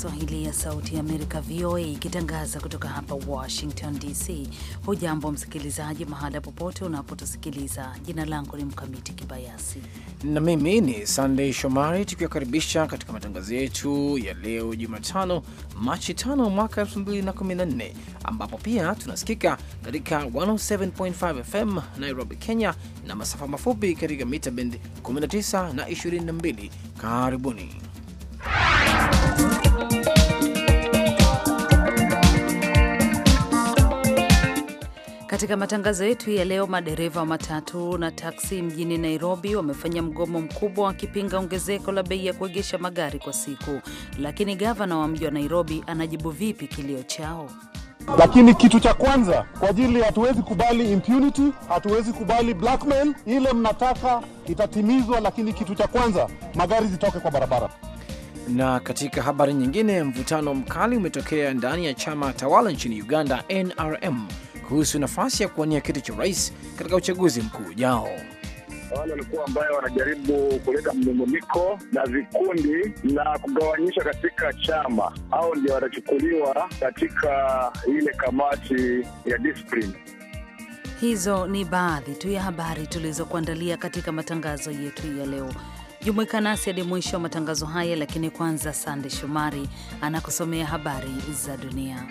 Kiswahili ya Sauti ya Amerika, VOA, ikitangaza kutoka hapa Washington DC. Hujambo msikilizaji, mahala popote unapotusikiliza. Jina langu ni Mkamiti Kibayasi na mimi ni Sandey Shomari, tukiwakaribisha katika matangazo yetu ya leo Jumatano, Machi 5 mwaka 2014, ambapo pia tunasikika katika 107.5 FM Nairobi, Kenya, na masafa mafupi katika mita bendi 19 na 22. Karibuni. Katika matangazo yetu ya leo, madereva wa matatu na taksi mjini Nairobi wamefanya mgomo mkubwa wakipinga ongezeko la bei ya kuegesha magari kwa siku. Lakini gavana wa mji wa Nairobi anajibu vipi kilio chao? Lakini kitu cha kwanza kwa ajili, hatuwezi kubali impunity, hatuwezi kubali blackmail. Ile mnataka itatimizwa, lakini kitu cha kwanza magari zitoke kwa barabara. Na katika habari nyingine, mvutano mkali umetokea ndani ya chama tawala nchini Uganda, NRM kuhusu nafasi ya kuwania kiti cha urais katika uchaguzi mkuu ujao. Wale walikuwa ambayo wanajaribu kuleta mnunguniko na vikundi na kugawanyisha katika chama, au ndio watachukuliwa katika ile kamati ya discipline. Hizo ni baadhi tu ya habari tulizokuandalia katika matangazo yetu ya leo. Jumuika nasi hadi mwisho wa matangazo haya, lakini kwanza, Sande Shomari anakusomea habari za dunia.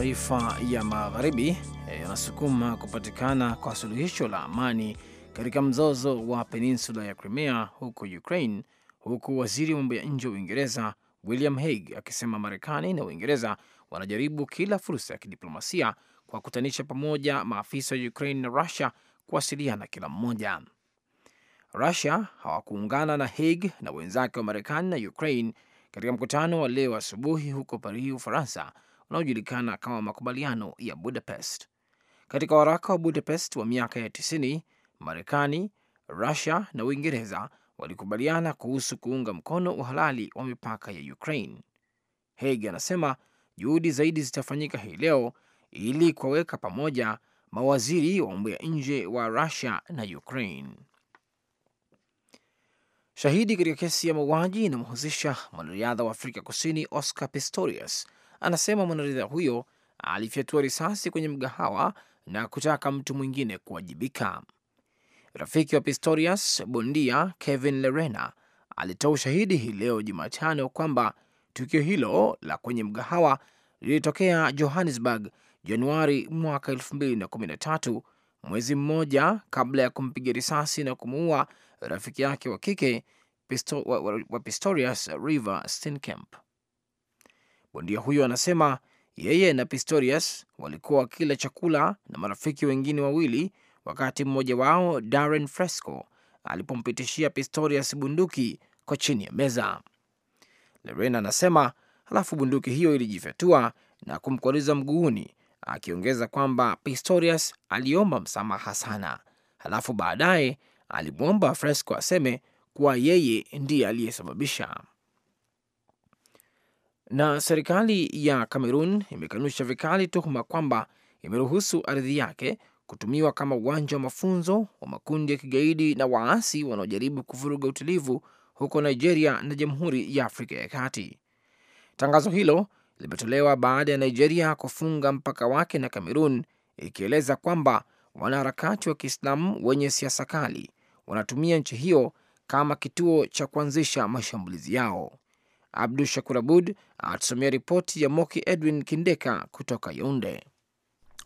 mataifa ya magharibi eh, yanasukuma kupatikana kwa suluhisho la amani katika mzozo wa peninsula ya Crimea huko Ukraine, huku waziri wa mambo ya nje wa Uingereza William Hague akisema Marekani na Uingereza wanajaribu kila fursa ya kidiplomasia kwa kutanisha pamoja maafisa wa Ukraine na Rusia kuwasiliana kila mmoja. Rusia hawakuungana na Hague na wenzake wa Marekani na Ukraine katika mkutano wa leo asubuhi huko Paris, Ufaransa, unaojulikana kama makubaliano ya Budapest. Katika waraka wa Budapest wa miaka ya 90, Marekani, Rusia na Uingereza walikubaliana kuhusu kuunga mkono uhalali wa mipaka ya Ukraine. Haig anasema juhudi zaidi zitafanyika hii leo ili kuwaweka pamoja mawaziri wa mambo ya nje wa Rusia na Ukraine. Shahidi katika kesi ya mauaji inamhusisha mwanariadha wa Afrika Kusini Oscar Pistorius anasema mwanariadha huyo alifyatua risasi kwenye mgahawa na kutaka mtu mwingine kuwajibika. Rafiki wa Pistorius, bondia Kevin Lerena, alitoa ushahidi hii leo Jumatano kwamba tukio hilo la kwenye mgahawa lilitokea Johannesburg Januari mwaka 2013, mwezi mmoja kabla ya kumpiga risasi na kumuua rafiki yake wa kike Pisto, wa, wa Pistorius River Steenkamp. Bondia huyo anasema yeye na Pistorius walikuwa wakila chakula na marafiki wengine wawili wakati mmoja wao Darren Fresco alipompitishia Pistorius bunduki kwa chini ya meza. Lorena anasema halafu bunduki hiyo ilijifyatua na kumkwaliza mguuni, akiongeza kwamba Pistorius aliomba msamaha sana, halafu baadaye alimwomba Fresco aseme kuwa yeye ndiye aliyesababisha na serikali ya Kamerun imekanusha vikali tuhuma kwamba imeruhusu ardhi yake kutumiwa kama uwanja wa mafunzo wa makundi ya kigaidi na waasi wanaojaribu kuvuruga utulivu huko Nigeria na Jamhuri ya Afrika ya Kati. Tangazo hilo limetolewa baada ya Nigeria kufunga mpaka wake na Kamerun, ikieleza kwamba wanaharakati wa Kiislamu wenye siasa kali wanatumia nchi hiyo kama kituo cha kuanzisha mashambulizi yao. Abdu Shakur Abud atusomea ripoti ya Moki Edwin Kindeka kutoka Yaunde.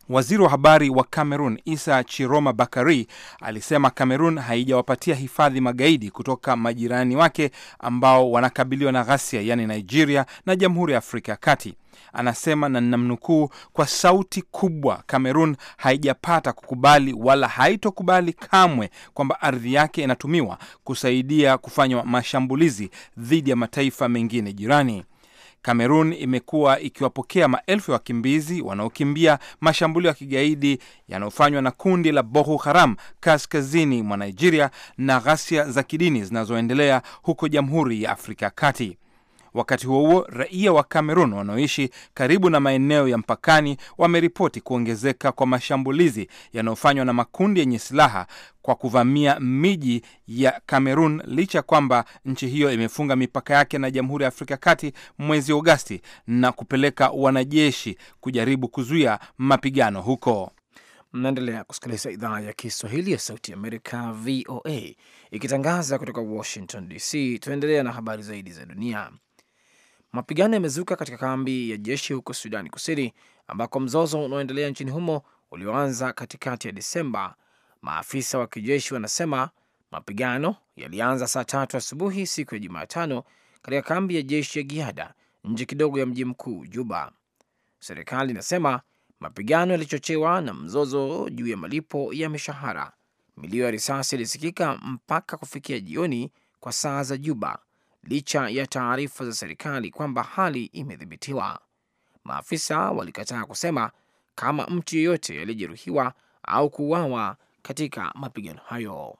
Waziri wa habari wa Cameroon Isa Chiroma Bakari alisema Cameroon haijawapatia hifadhi magaidi kutoka majirani wake ambao wanakabiliwa na ghasia, yaani Nigeria na Jamhuri ya Afrika ya Kati. Anasema na namnukuu, kwa sauti kubwa, cameron haijapata kukubali wala haitokubali kamwe kwamba ardhi yake inatumiwa kusaidia kufanywa mashambulizi dhidi ya mataifa mengine jirani. Kamerun imekuwa ikiwapokea maelfu ya wakimbizi wanaokimbia mashambulio ya kigaidi yanayofanywa na kundi la Boko Haram kaskazini mwa Nigeria na ghasia za kidini zinazoendelea huko Jamhuri ya Afrika ya Kati. Wakati huo huo, raia wa Kamerun wanaoishi karibu na maeneo ya mpakani wameripoti kuongezeka kwa mashambulizi yanayofanywa na makundi yenye silaha kwa kuvamia miji ya Kamerun licha ya kwamba nchi hiyo imefunga mipaka yake na Jamhuri ya Afrika Kati mwezi Agosti na kupeleka wanajeshi kujaribu kuzuia mapigano huko. Mnaendelea kusikiliza idhaa ya Kiswahili ya Sauti Amerika, VOA, ikitangaza kutoka Washington DC. Tunaendelea na habari zaidi za dunia. Mapigano yamezuka katika kambi ya jeshi huko Sudani Kusini, ambako mzozo unaoendelea nchini humo ulioanza katikati ya Desemba. Maafisa wa kijeshi wanasema mapigano yalianza saa tatu asubuhi siku ya Jumatano katika kambi ya jeshi ya Giada nje kidogo ya mji mkuu Juba. Serikali inasema mapigano yalichochewa na mzozo juu ya malipo ya mishahara. Milio ya risasi ilisikika mpaka kufikia jioni kwa saa za Juba, licha ya taarifa za serikali kwamba hali imedhibitiwa. Maafisa walikataa kusema kama mtu yeyote aliyejeruhiwa au kuuawa katika mapigano hayo.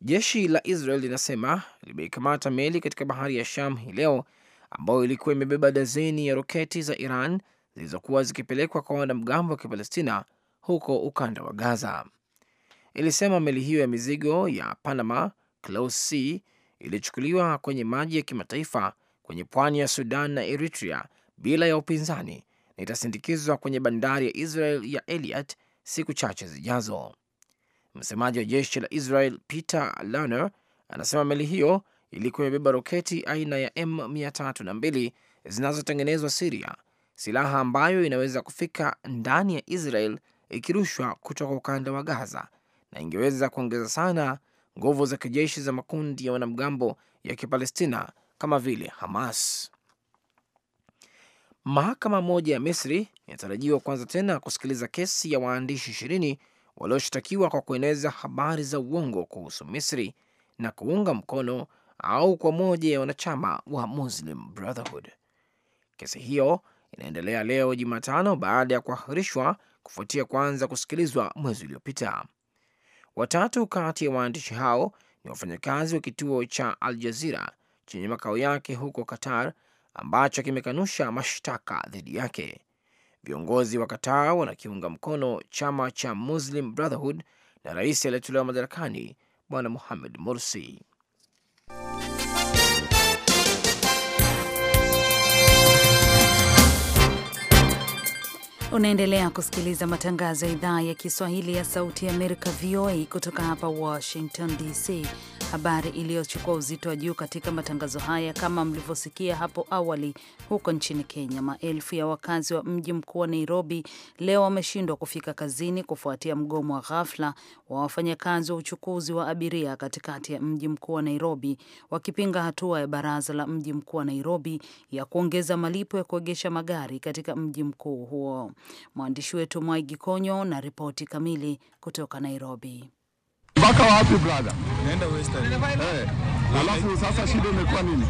Jeshi la Israel linasema limeikamata meli katika bahari ya Sham hii leo ambayo ilikuwa imebeba dazeni ya roketi za Iran zilizokuwa zikipelekwa kwa wanamgambo wa Kipalestina huko ukanda wa Gaza. Ilisema meli hiyo ya mizigo ya Panama Close Sea ilichukuliwa kwenye maji ya kimataifa kwenye pwani ya Sudan na Eritrea bila ya upinzani na itasindikizwa kwenye bandari ya Israel ya Eliat siku chache zijazo. Msemaji wa jeshi la Israel Peter Lerner anasema meli hiyo ilikuwa imebeba roketi aina ya M302 zinazotengenezwa Siria, silaha ambayo inaweza kufika ndani ya Israel ikirushwa kutoka ukanda wa Gaza na ingeweza kuongeza sana nguvu za kijeshi za makundi ya wanamgambo ya Kipalestina kama vile Hamas. Mahakama moja ya Misri inatarajiwa kuanza tena kusikiliza kesi ya waandishi ishirini walioshtakiwa kwa kueneza habari za uongo kuhusu Misri na kuunga mkono au kwa moja ya wanachama wa Muslim Brotherhood. Kesi hiyo inaendelea leo Jumatano baada ya kuahirishwa kufuatia kuanza kusikilizwa mwezi uliopita. Watatu kati ya waandishi hao ni wafanyakazi wa kituo cha Al Jazira chenye makao yake huko Qatar ambacho kimekanusha mashtaka dhidi yake. Viongozi wa Qatar wanakiunga mkono chama cha Muslim Brotherhood na rais aliyetolewa madarakani Bwana muhamed Morsi. Unaendelea kusikiliza matangazo ya idhaa ya Kiswahili ya Sauti ya Amerika, VOA, kutoka hapa Washington DC habari iliyochukua uzito wa juu katika matangazo haya. Kama mlivyosikia hapo awali, huko nchini Kenya, maelfu ya wakazi wa mji mkuu wa Nairobi leo wameshindwa kufika kazini kufuatia mgomo wa ghafla wa wafanyakazi wa uchukuzi wa abiria katikati ya mji mkuu wa Nairobi, wakipinga hatua ya baraza la mji mkuu wa Nairobi ya kuongeza malipo ya kuegesha magari katika mji mkuu huo. Mwandishi wetu Mwaigi Konyo na ripoti kamili kutoka Nairobi mpaka wapi brother? Naenda Western. Eh. Alafu sasa shida imekuwa nini?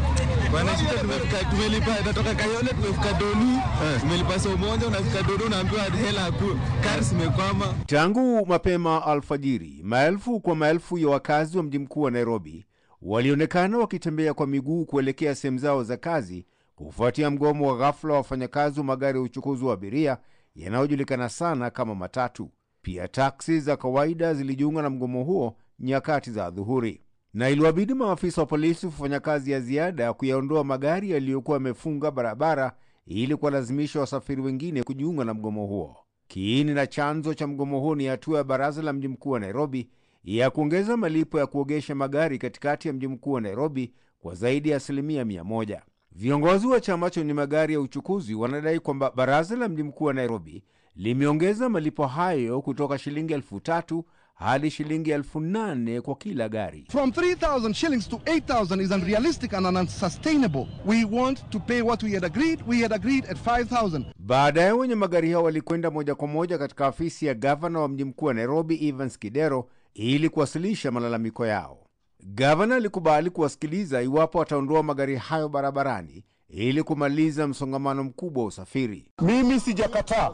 Bwana, shida tumefika, tumelipa, natoka Kayole tumefika Doni, eh. tumelipa saa moja, unafika Doni unaambiwa hela hakuna, gari zimekwama. Tangu mapema alfajiri, maelfu kwa maelfu ya wakazi wa mji mkuu wa Nairobi walionekana wakitembea kwa miguu kuelekea sehemu zao za kazi kufuatia mgomo wa ghafla wa wafanyakazi wa magari ya uchukuzi wa abiria yanayojulikana sana kama matatu. Pia taksi za kawaida zilijiunga na mgomo huo nyakati za adhuhuri, na iliwabidi maafisa wa polisi kufanya kazi ya ziada ya kuyaondoa magari yaliyokuwa yamefunga barabara ili kuwalazimisha wasafiri wengine kujiunga na mgomo huo. Kiini na chanzo cha mgomo huo ni hatua ya baraza la mji mkuu wa Nairobi ya kuongeza malipo ya kuogesha magari katikati ya mji mkuu wa Nairobi kwa zaidi ya asilimia mia moja. Viongozi wa chama chenye magari ya uchukuzi wanadai kwamba baraza la mji mkuu wa Nairobi limeongeza malipo hayo kutoka shilingi elfu tatu hadi shilingi elfu nane kwa kila gari. From 3000 shillings to 8000 is unrealistic and unsustainable. We want to pay what we had agreed. We had agreed at 5000. Baadaye wenye magari hao walikwenda moja kwa moja katika afisi ya gavana wa mji mkuu wa Nairobi, Evans Kidero, ili kuwasilisha malalamiko yao. Gavana alikubali kuwasikiliza iwapo wataondoa magari hayo barabarani ili kumaliza msongamano mkubwa wa usafiri. Mimi sijakataa,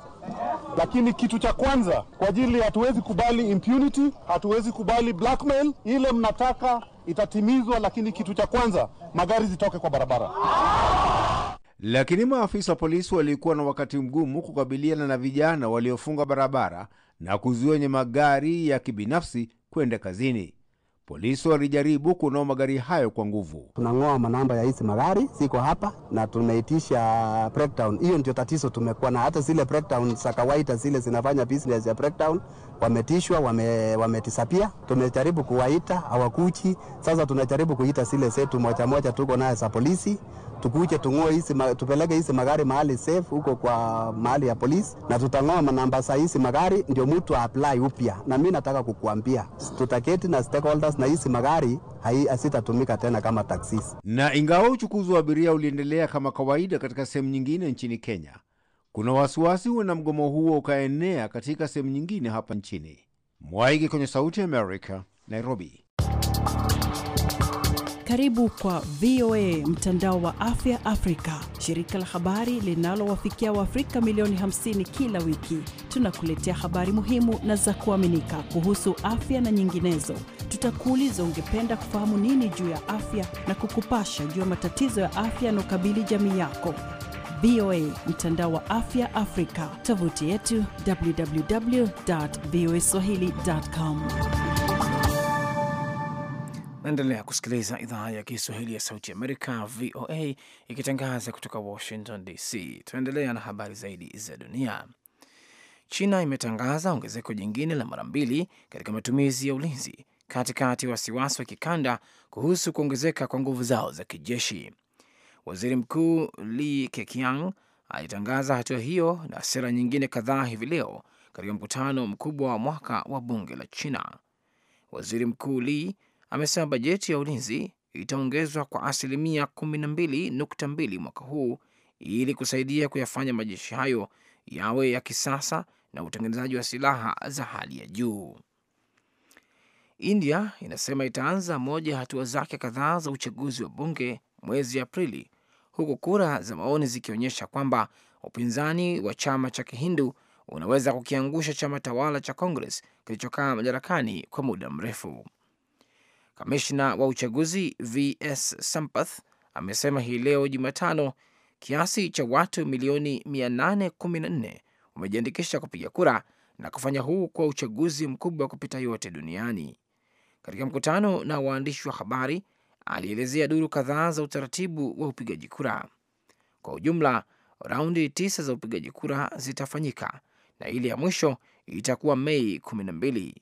lakini kitu cha kwanza kwa ajili, hatuwezi kubali impunity, hatuwezi kubali blackmail. Ile mnataka itatimizwa, lakini kitu cha kwanza magari zitoke kwa barabara. Lakini maafisa wa polisi walikuwa na wakati mgumu kukabiliana na vijana waliofunga barabara na kuzuia magari ya kibinafsi kwenda kazini. Polisi walijaribu kunao magari hayo kwa nguvu. Tunang'oa manamba ya hizi magari ziko hapa na tumeitisha breakdown. Hiyo ndio tatizo tumekuwa na, hata zile breakdown za kawaida zile zinafanya business ya breakdown wametishwa, wame, wametisapia. Tumejaribu kuwaita hawakuchi. Sasa tunajaribu kuita sile zetu moja moja, tuko naye za polisi, tukuje tung'oe hizi, tupeleke hizi magari mahali safe huko kwa mahali ya polisi, na tutang'oa namba za hizi magari ndio mtu apply upya. Na mimi nataka kukuambia tutaketi na stakeholders na hizi magari asitatumika tena kama taksis. Na ingawa uchukuzi wa abiria uliendelea kama kawaida katika sehemu nyingine nchini Kenya kuna wasiwasi na mgomo huo ukaenea katika sehemu nyingine hapa nchini. Mwaigi kwenye Sauti america Nairobi. Karibu kwa VOA mtandao wa afya Afrika, shirika la habari linalowafikia Waafrika milioni 50 kila wiki. Tunakuletea habari muhimu na za kuaminika kuhusu afya na nyinginezo. Tutakuuliza, ungependa kufahamu nini juu ya afya, na kukupasha juu ya matatizo ya afya yanaokabili jamii yako. VOA, mtandao wa afya Afrika, tovuti yetu www.voaswahili.com. Naendelea kusikiliza idhaa ya Kiswahili ya Sauti Amerika, VOA, ikitangaza kutoka Washington DC. Tunaendelea na habari zaidi za dunia. China imetangaza ongezeko jingine la mara mbili katika matumizi ya ulinzi katikati ya wasiwasi wa kikanda kuhusu kuongezeka kwa nguvu zao za kijeshi. Waziri Mkuu Lee Keqiang alitangaza hatua hiyo na sera nyingine kadhaa hivi leo katika mkutano mkubwa wa mwaka wa bunge la China. Waziri Mkuu Lee amesema bajeti ya ulinzi itaongezwa kwa asilimia 12.2 mwaka huu ili kusaidia kuyafanya majeshi hayo yawe ya kisasa na utengenezaji wa silaha za hali ya juu. India inasema itaanza moja ya hatua zake kadhaa za uchaguzi wa bunge mwezi Aprili huku kura za maoni zikionyesha kwamba upinzani wa chama cha Kihindu unaweza kukiangusha chama tawala cha Congress kilichokaa madarakani kwa muda mrefu. Kamishna wa uchaguzi VS Sampath amesema hii leo Jumatano kiasi cha watu milioni 814 wamejiandikisha kupiga kura na kufanya huu kwa uchaguzi mkubwa kupita yote duniani. Katika mkutano na waandishi wa habari alielezea duru kadhaa za utaratibu wa upigaji kura. Kwa ujumla, raundi tisa za upigaji kura zitafanyika na ile ya mwisho itakuwa Mei 12.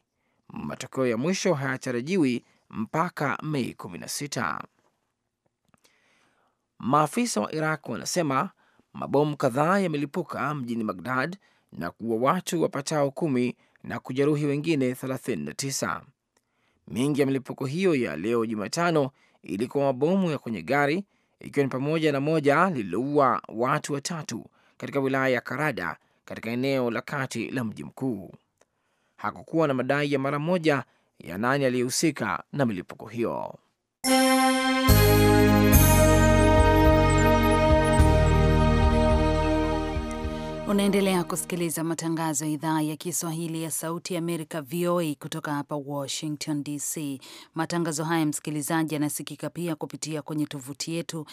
Matokeo ya mwisho hayatarajiwi mpaka Mei 16. Maafisa wa Iraq wanasema mabomu kadhaa yamelipuka mjini Bagdad na kuua watu wapatao kumi na kujeruhi wengine 39. Mingi ya milipuko hiyo ya leo Jumatano ilikuwa mabomu ya kwenye gari, ikiwa ni pamoja na moja lililoua watu watatu katika wilaya ya Karada katika eneo la kati la mji mkuu. Hakukuwa na madai ya mara moja ya nani aliyehusika na milipuko hiyo. Unaendelea kusikiliza matangazo ya idhaa ya Kiswahili ya Sauti ya Amerika, VOA, kutoka hapa Washington DC. Matangazo haya, msikilizaji, yanasikika pia kupitia kwenye tovuti yetu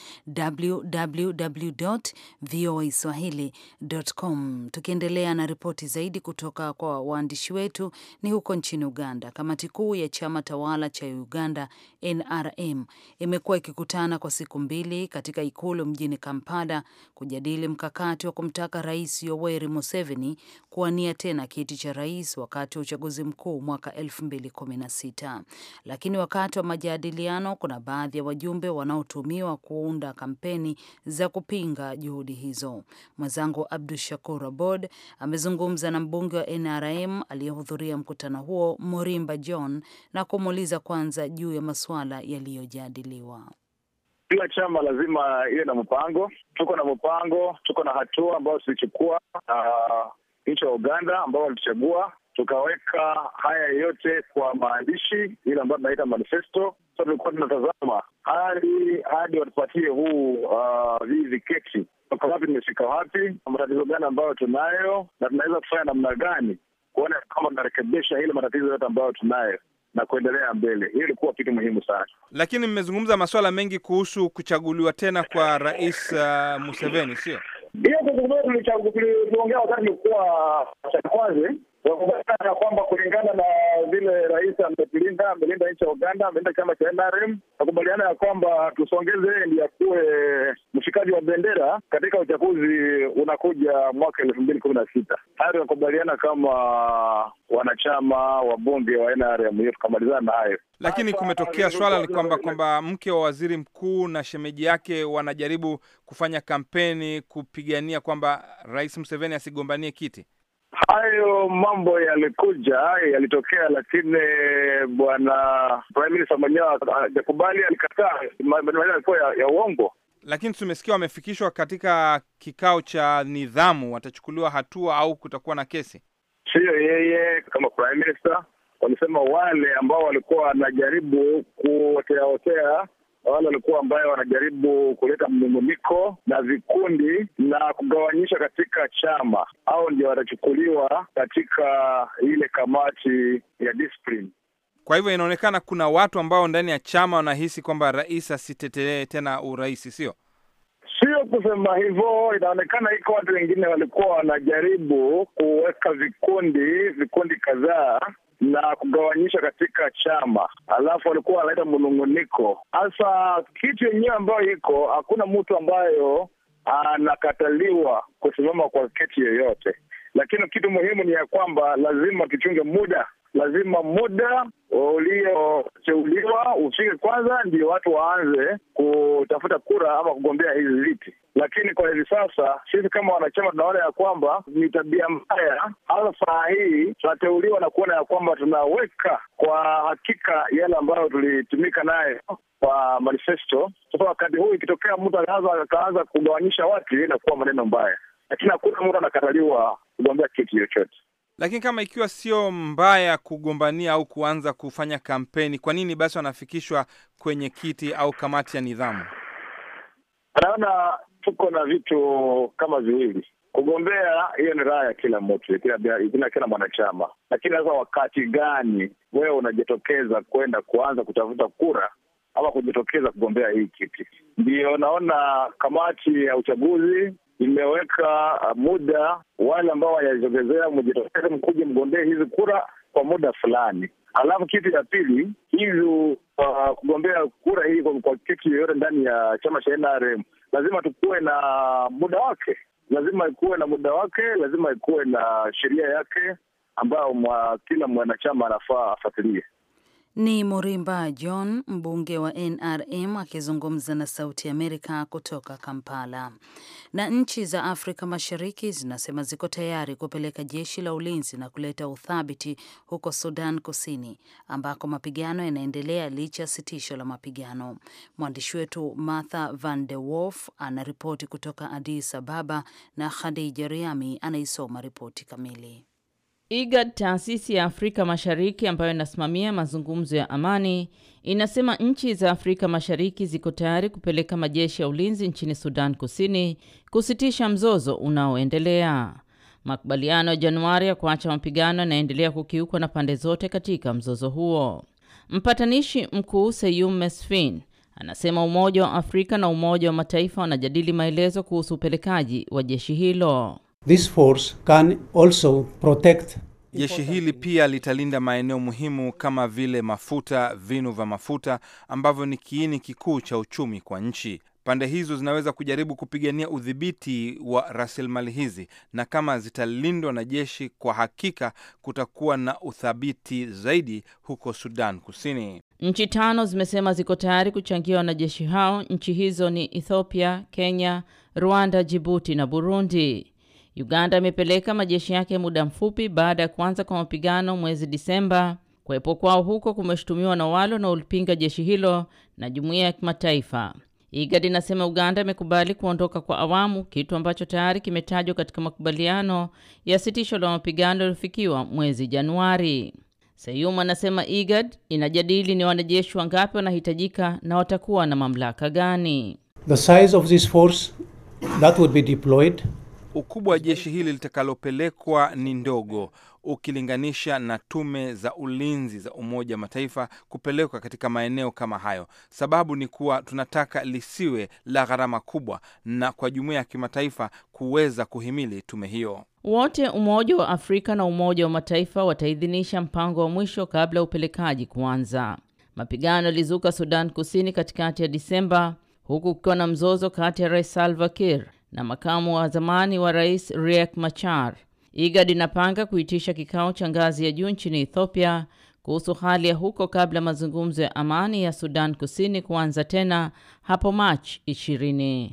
www voa swahili.com. Tukiendelea na ripoti zaidi kutoka kwa waandishi wetu, ni huko nchini Uganda. Kamati kuu ya chama tawala cha Uganda, NRM, imekuwa ikikutana kwa siku mbili katika ikulu mjini Kampala kujadili mkakati wa kumtaka rais Yoweri Museveni kuwania tena kiti cha rais wakati wa uchaguzi mkuu mwaka 2016. Lakini wakati wa majadiliano, kuna baadhi ya wajumbe wanaotumiwa kuunda kampeni za kupinga juhudi hizo. Mwenzangu Abdu Shakur Abod amezungumza na mbunge wa NRM aliyehudhuria mkutano huo Morimba John na kumuuliza kwanza juu ya masuala yaliyojadiliwa. Kila chama lazima iwe na mpango. Tuko na mpango, tuko na hatua ambayo tulichukua na nchi ya Uganda ambao walituchagua, tukaweka haya yote kwa maandishi, ile ambayo tunaita manifesto. So tulikuwa tunatazama hadi hadi watupatie huu uh, hizi uh, keki toka wapi, tumefika wapi, matatizo gani ambayo tunayo, na tunaweza kufanya namna gani kuona kama tunarekebisha ile matatizo yote ambayo tunayo na kuendelea mbele. Hiyo ilikuwa kitu muhimu sana, lakini mmezungumza masuala mengi kuhusu kuchaguliwa tena kwa Rais uh, Museveni, sio hiyo? Tuliongea wakati ulikuwa cha kwanza wakubaliana ya kwamba kulingana na vile rais amelinda amelinda nchi ya Uganda, amelinda chama cha NRM, wakubaliana ya kwamba tusongeze ndi akuwe mshikaji wa bendera katika uchaguzi unakuja mwaka elfu mbili kumi na sita. Hayo tunakubaliana kama wanachama wa bunge wa NRM hiyo, tukamalizana na hayo. Lakini kumetokea swala ni kwamba kwamba mke wa waziri mkuu na shemeji yake wanajaribu kufanya kampeni kupigania kwamba Rais Museveni asigombanie kiti. Hayo mambo yalikuja yalitokea, lakini bwana prime minister mwenyewe hajakubali, alikataa. Maneno yalikuwa ya, uongo lakini tumesikia wamefikishwa katika kikao cha nidhamu, watachukuliwa hatua au kutakuwa na kesi? Siyo yeye kama prime minister, walisema wale ambao walikuwa wanajaribu kuoteaotea wale walikuwa ambayo wanajaribu kuleta mnunguniko na vikundi na kugawanyisha katika chama, au ndio watachukuliwa katika ile kamati ya discipline. Kwa hivyo inaonekana kuna watu ambao ndani ya chama wanahisi kwamba rais asitetelee tena urais, sio Sio kusema hivyo, inaonekana iko watu wengine walikuwa wanajaribu kuweka vikundi vikundi kadhaa na kugawanyisha katika chama, alafu walikuwa wanaleta mnunguniko. Hasa kitu yenyewe ambayo iko, hakuna mtu ambayo anakataliwa kusimama kwa keti yoyote. Lakini kitu muhimu ni ya kwamba lazima tuchunge muda, lazima muda ulioteuliwa ufike kwanza, ndio watu waanze kutafuta kura ama kugombea hizi viti. Lakini kwa hivi sasa sisi kama wanachama tunaona ya kwamba ni tabia mbaya, hasa saa hii tunateuliwa na kuona ya kwamba tunaweka kwa hakika yale ambayo tulitumika nayo kwa manifesto. Sasa wakati huu ikitokea mtu akaanza kugawanyisha watu, na kuwa maneno mbaya lakini hakuna mtu anakataliwa kugombea kiti chochote. Lakini kama ikiwa sio mbaya kugombania au kuanza kufanya kampeni, kwa nini basi wanafikishwa kwenye kiti au kamati ya nidhamu? Anaona tuko na vitu kama viwili kugombea hiyo ni raha ya kila mtu, kila kila mwanachama. Lakini sasa, wakati gani wewe unajitokeza kwenda kuanza kutafuta kura ama kujitokeza kugombea hii kiti? Ndiyo naona kamati ya uchaguzi imeweka uh, muda wale ambao wanajitogezea mjitokeze, mkuje mgombee hizi kura kwa muda fulani. Alafu kitu ya pili hizo uh, kugombea kura hii kwa kiti yoyote ndani ya chama cha NRM lazima tukuwe na muda wake, lazima ikuwe na muda wake, lazima ikuwe na sheria yake ambayo kila mwanachama anafaa afuatilie. Ni Murimba John, mbunge wa NRM akizungumza na Sauti Amerika kutoka Kampala. Na nchi za Afrika Mashariki zinasema ziko tayari kupeleka jeshi la ulinzi na kuleta uthabiti huko Sudan Kusini ambako mapigano yanaendelea licha ya sitisho la mapigano. Mwandishi wetu Martha Van de Wolf anaripoti kutoka Addis Ababa na Khadija Riami anaisoma ripoti kamili. IGAD, taasisi ya Afrika Mashariki ambayo inasimamia mazungumzo ya amani, inasema nchi za Afrika Mashariki ziko tayari kupeleka majeshi ya ulinzi nchini Sudan Kusini kusitisha mzozo unaoendelea. Makubaliano ya Januari ya kuacha mapigano yanaendelea kukiukwa na pande zote katika mzozo huo. Mpatanishi mkuu Seyum Mesfin anasema Umoja wa Afrika na Umoja wa Mataifa wanajadili maelezo kuhusu upelekaji wa jeshi hilo. This force can also protect Jeshi hili pia litalinda maeneo muhimu kama vile mafuta, vinu vya mafuta ambavyo ni kiini kikuu cha uchumi kwa nchi. Pande hizo zinaweza kujaribu kupigania udhibiti wa rasilimali hizi, na kama zitalindwa na jeshi, kwa hakika kutakuwa na uthabiti zaidi huko Sudan Kusini. Nchi tano zimesema ziko tayari kuchangia wanajeshi hao. Nchi hizo ni Ethiopia, Kenya, Rwanda, Jibuti na Burundi. Uganda imepeleka majeshi yake muda mfupi baada ya kuanza kwa mapigano mwezi Disemba. Kuwepo kwao huko kumeshutumiwa na wale wanaolipinga jeshi hilo na jumuiya ya kimataifa. IGAD inasema Uganda imekubali kuondoka kwa awamu, kitu ambacho tayari kimetajwa katika makubaliano ya sitisho la mapigano yaliyofikiwa mwezi Januari. Seyum anasema IGAD inajadili ni wanajeshi wangapi wanahitajika na watakuwa na mamlaka gani. The size of this force that would be deployed Ukubwa wa jeshi hili litakalopelekwa ni ndogo ukilinganisha na tume za ulinzi za Umoja wa Mataifa kupelekwa katika maeneo kama hayo. Sababu ni kuwa tunataka lisiwe la gharama kubwa, na kwa jumuiya ya kimataifa kuweza kuhimili tume hiyo. Wote Umoja wa Afrika na Umoja wa Mataifa wataidhinisha mpango wa mwisho kabla ya upelekaji kuanza. Mapigano yalizuka Sudan Kusini katikati ya Disemba, huku kukiwa na mzozo kati ya Rais Salva Kiir na makamu wa zamani wa rais Riek Machar. IGAD inapanga kuitisha kikao cha ngazi ya juu nchini Ethiopia kuhusu hali ya huko kabla mazungumzo ya amani ya Sudan Kusini kuanza tena hapo Machi 20.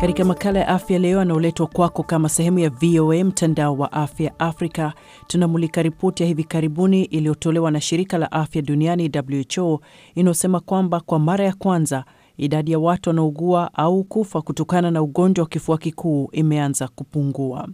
Katika makala ya afya leo, anaoletwa kwako kama sehemu ya VOA mtandao wa afya Afrika, tunamulika ripoti ya hivi karibuni iliyotolewa na shirika la afya duniani WHO inayosema kwamba kwa mara ya kwanza idadi ya watu wanaougua au kufa kutokana na ugonjwa wa kifua kikuu imeanza kupungua.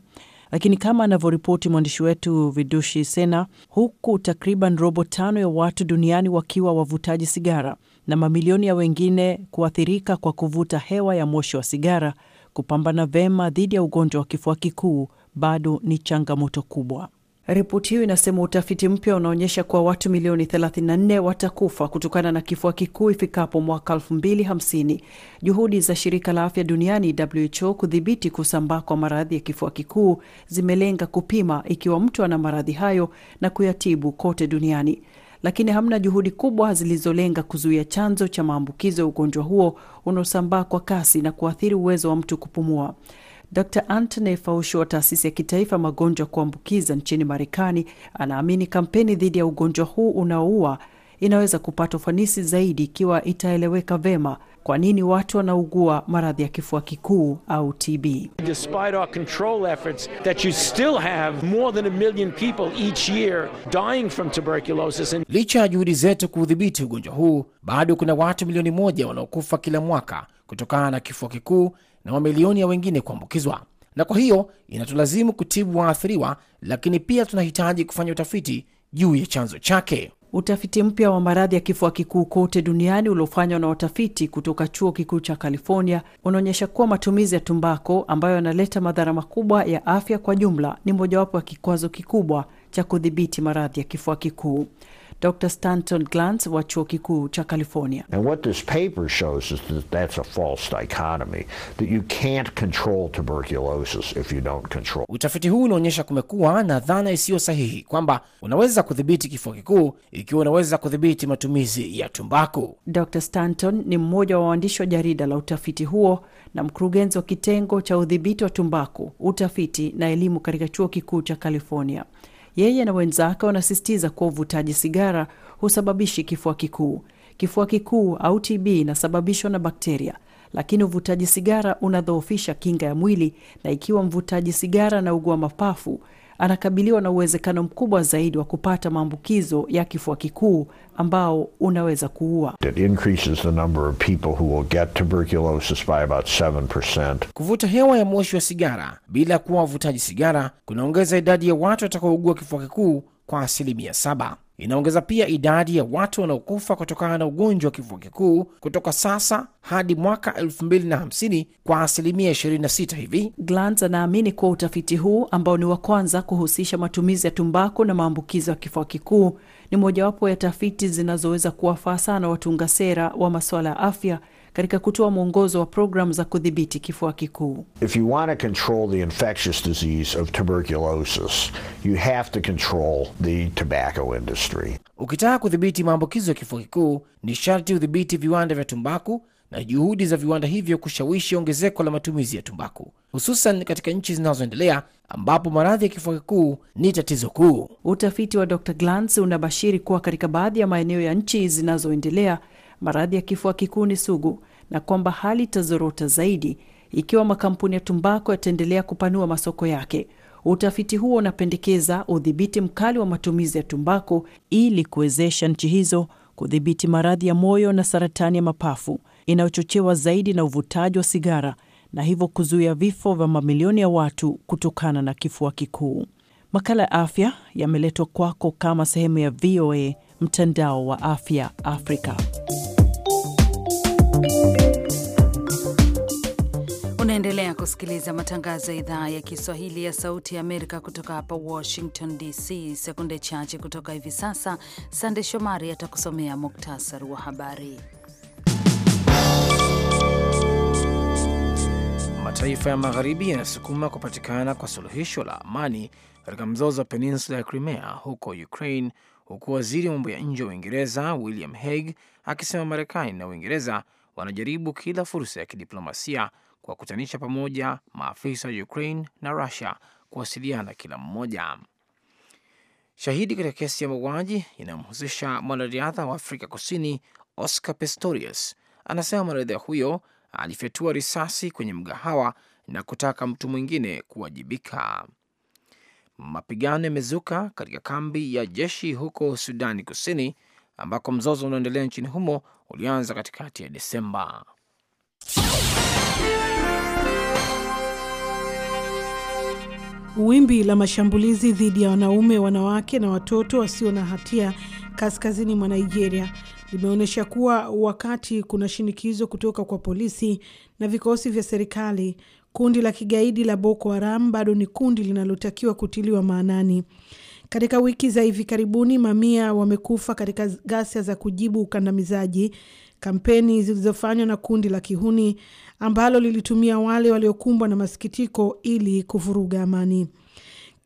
Lakini kama anavyoripoti mwandishi wetu Vidushi Sena, huku takriban robo tano ya watu duniani wakiwa wavutaji sigara na mamilioni ya wengine kuathirika kwa kuvuta hewa ya moshi wa sigara, kupambana vema dhidi ya ugonjwa wa kifua kikuu bado ni changamoto kubwa. Ripoti hiyo inasema utafiti mpya unaonyesha kuwa watu milioni 34 watakufa kutokana na kifua kikuu ifikapo mwaka 2050. Juhudi za shirika la afya duniani WHO kudhibiti kusambaa kwa maradhi ya kifua kikuu zimelenga kupima ikiwa mtu ana maradhi hayo na kuyatibu kote duniani lakini hamna juhudi kubwa zilizolenga kuzuia chanzo cha maambukizo ya ugonjwa huo unaosambaa kwa kasi na kuathiri uwezo wa mtu kupumua. Dr antony Fauci wa taasisi ya kitaifa magonjwa kuambukiza nchini Marekani anaamini kampeni dhidi ya ugonjwa huu unaoua inaweza kupata ufanisi zaidi ikiwa itaeleweka vema kwa nini watu wanaugua maradhi ya kifua kikuu au TB. Despite our control efforts that you still have more than a million people each year dying from tuberculosis and... Licha ya juhudi zetu kuudhibiti ugonjwa huu, bado kuna watu milioni moja wanaokufa kila mwaka kutokana na kifua kikuu na mamilioni ya wengine kuambukizwa, na kwa hiyo inatulazimu kutibu waathiriwa, lakini pia tunahitaji kufanya utafiti juu ya chanzo chake. Utafiti mpya wa maradhi ya kifua kikuu kote duniani uliofanywa na watafiti kutoka chuo kikuu cha California unaonyesha kuwa matumizi ya tumbako ambayo yanaleta madhara makubwa ya afya kwa jumla ni mojawapo ya kikwazo kikubwa cha kudhibiti maradhi ya kifua kikuu. Dr. Stanton Glantz wa chuo kikuu cha California. And what this paper shows is that that's a false dichotomy, that you can't control tuberculosis if you don't control. Utafiti huu unaonyesha kumekuwa na dhana isiyo sahihi kwamba unaweza kudhibiti kifua kikuu ikiwa unaweza kudhibiti matumizi ya tumbaku. Dr. Stanton ni mmoja wa waandishi wa jarida la utafiti huo na mkurugenzi wa kitengo cha udhibiti wa tumbaku, utafiti na elimu katika chuo kikuu cha California. Yeye na wenzake wanasisitiza kuwa uvutaji sigara husababishi kifua kikuu. Kifua kikuu au TB inasababishwa na bakteria, lakini uvutaji sigara unadhoofisha kinga ya mwili, na ikiwa mvutaji sigara anaugua mapafu, anakabiliwa na uwezekano mkubwa zaidi wa kupata maambukizo ya kifua kikuu ambao unaweza kuua. Kuvuta hewa ya moshi wa sigara bila kuwa wavutaji sigara kunaongeza idadi ya watu watakaougua kifua kikuu kwa asilimia saba inaongeza pia idadi ya watu wanaokufa kutokana na ugonjwa wa kifua kikuu kutoka sasa hadi mwaka 250 kwa asilimia 26 hivi. Glantz anaamini kuwa utafiti huu ambao ni wa kwanza kuhusisha matumizi ya tumbaku na maambukizo ya kifua kikuu ni mojawapo ya tafiti zinazoweza kuwafaa sana watunga sera wa masuala ya afya katika kutoa mwongozo wa programu za kudhibiti kifua kikuu. If you want to control the infectious disease of tuberculosis, you have to control the tobacco industry. Ukitaka kudhibiti maambukizo ya kifua kikuu ni sharti udhibiti viwanda vya tumbaku na juhudi za viwanda hivyo kushawishi ongezeko la matumizi ya tumbaku hususan katika nchi zinazoendelea ambapo maradhi ya kifua kikuu ni tatizo kuu. Utafiti wa Dr Glantz unabashiri kuwa katika baadhi ya maeneo ya nchi zinazoendelea maradhi ya kifua kikuu ni sugu na kwamba hali itazorota zaidi ikiwa makampuni ya tumbako yataendelea kupanua masoko yake. Utafiti huo unapendekeza udhibiti mkali wa matumizi ya tumbako ili kuwezesha nchi hizo kudhibiti maradhi ya moyo na saratani ya mapafu inayochochewa zaidi na uvutaji wa sigara na hivyo kuzuia vifo vya mamilioni ya watu kutokana na kifua kikuu. Makala ya afya yameletwa kwako kama sehemu ya VOA mtandao wa afya Afrika. Unaendelea kusikiliza matangazo ya idhaa ya Kiswahili ya Sauti ya Amerika kutoka hapa Washington DC. Sekunde chache kutoka hivi sasa, Sande Shomari atakusomea muktasari wa habari. Mataifa ya Magharibi yanasukuma kupatikana kwa suluhisho la amani katika mzozo wa peninsula ya Crimea huko Ukraine, huku waziri wa mambo ya nje wa Uingereza William Hague akisema Marekani na Uingereza wanajaribu kila fursa ya kidiplomasia kuwakutanisha pamoja maafisa wa Ukraine na Rusia kuwasiliana kila mmoja. Shahidi katika kesi ya mauaji inayomhusisha mwanariadha wa Afrika Kusini Oscar Pistorius anasema mwanariadha huyo alifyatua risasi kwenye mgahawa na kutaka mtu mwingine kuwajibika. Mapigano yamezuka katika kambi ya jeshi huko Sudani Kusini, ambako mzozo unaoendelea nchini humo ulianza katikati ya Desemba. Wimbi la mashambulizi dhidi ya wanaume, wanawake na watoto wasio na hatia kaskazini mwa Nigeria limeonyesha kuwa wakati kuna shinikizo kutoka kwa polisi na vikosi vya serikali Kundi la kigaidi la Boko Haram bado ni kundi linalotakiwa kutiliwa maanani. Katika wiki za hivi karibuni, mamia wamekufa katika ghasia za kujibu ukandamizaji, kampeni zilizofanywa na kundi la kihuni ambalo lilitumia wale waliokumbwa na masikitiko ili kuvuruga amani.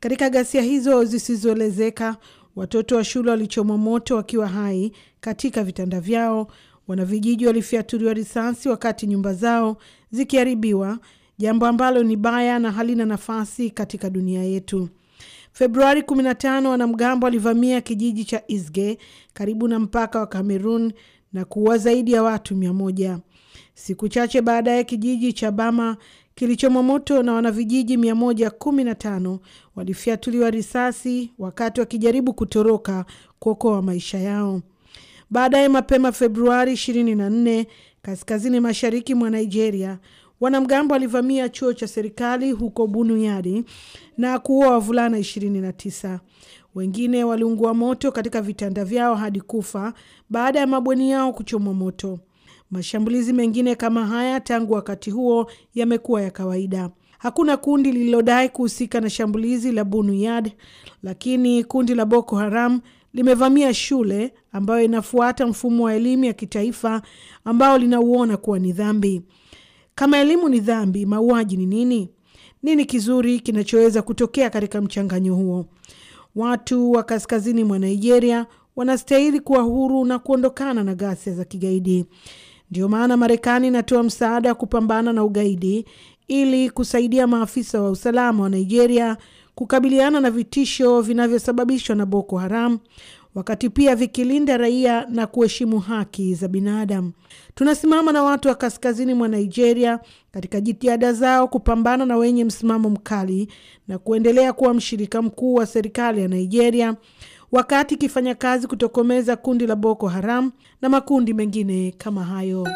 Katika ghasia hizo zisizoelezeka, watoto wa shule walichomwa moto wakiwa hai katika vitanda vyao, wanavijiji walifyatuliwa risasi wakati nyumba zao zikiharibiwa jambo ambalo ni baya na halina nafasi katika dunia yetu. Februari 15 wanamgambo walivamia kijiji cha Isge karibu na mpaka wa Kamerun na kuua zaidi ya watu mia moja. Siku chache baadaye kijiji cha Bama kilichomwa moto na wanavijiji 115 walifyatuliwa risasi wakati wakijaribu kutoroka kuokoa maisha yao. Baadaye mapema Februari 24, kaskazini mashariki mwa Nigeria, Wanamgambo walivamia chuo cha serikali huko Bunuyadi na kuua wavulana 29. Wengine waliungua moto katika vitanda vyao hadi kufa baada ya mabweni yao kuchomwa moto. Mashambulizi mengine kama haya tangu wakati huo yamekuwa ya kawaida. Hakuna kundi lililodai kuhusika na shambulizi la Bunuyad, lakini kundi la Boko Haram limevamia shule ambayo inafuata mfumo wa elimu ya kitaifa ambao linauona kuwa ni dhambi. Kama elimu ni dhambi, mauaji ni nini? Nini kizuri kinachoweza kutokea katika mchanganyo huo? Watu wa kaskazini mwa Nigeria wanastahili kuwa huru na kuondokana na ghasia za kigaidi. Ndiyo maana Marekani inatoa msaada wa kupambana na ugaidi ili kusaidia maafisa wa usalama wa Nigeria kukabiliana na vitisho vinavyosababishwa na Boko Haram, wakati pia vikilinda raia na kuheshimu haki za binadamu. Tunasimama na watu wa kaskazini mwa Nigeria katika jitihada zao kupambana na wenye msimamo mkali na kuendelea kuwa mshirika mkuu wa serikali ya Nigeria wakati ikifanya kazi kutokomeza kundi la Boko Haram na makundi mengine kama hayo.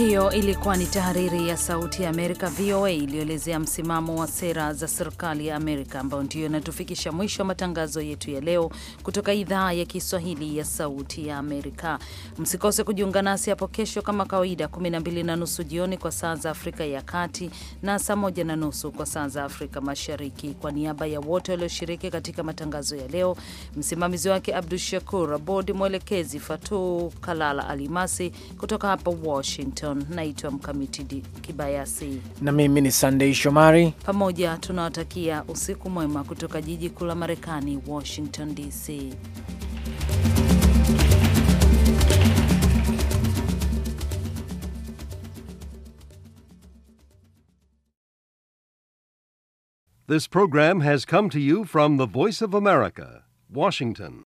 Hiyo ilikuwa ni tahariri ya Sauti ya Amerika, VOA, iliyoelezea msimamo wa sera za serikali ya Amerika, ambayo ndiyo inatufikisha mwisho wa matangazo yetu ya leo kutoka idhaa ya Kiswahili ya Sauti ya Amerika. Msikose kujiunga nasi hapo kesho kama kawaida, 12 na nusu jioni kwa saa za Afrika ya Kati na saa 1 na nusu kwa saa za Afrika Mashariki. Kwa niaba ya wote walioshiriki katika matangazo ya leo, msimamizi wake Abdu Shakur Abod, mwelekezi Fatu Kalala Alimasi kutoka hapa Washington. Washington. Naitwa Mkamiti Kibayasi na mimi ni Sandei Shomari. Pamoja tunawatakia usiku mwema kutoka jiji kuu la Marekani, Washington DC. This program has come to you from the Voice of America, Washington.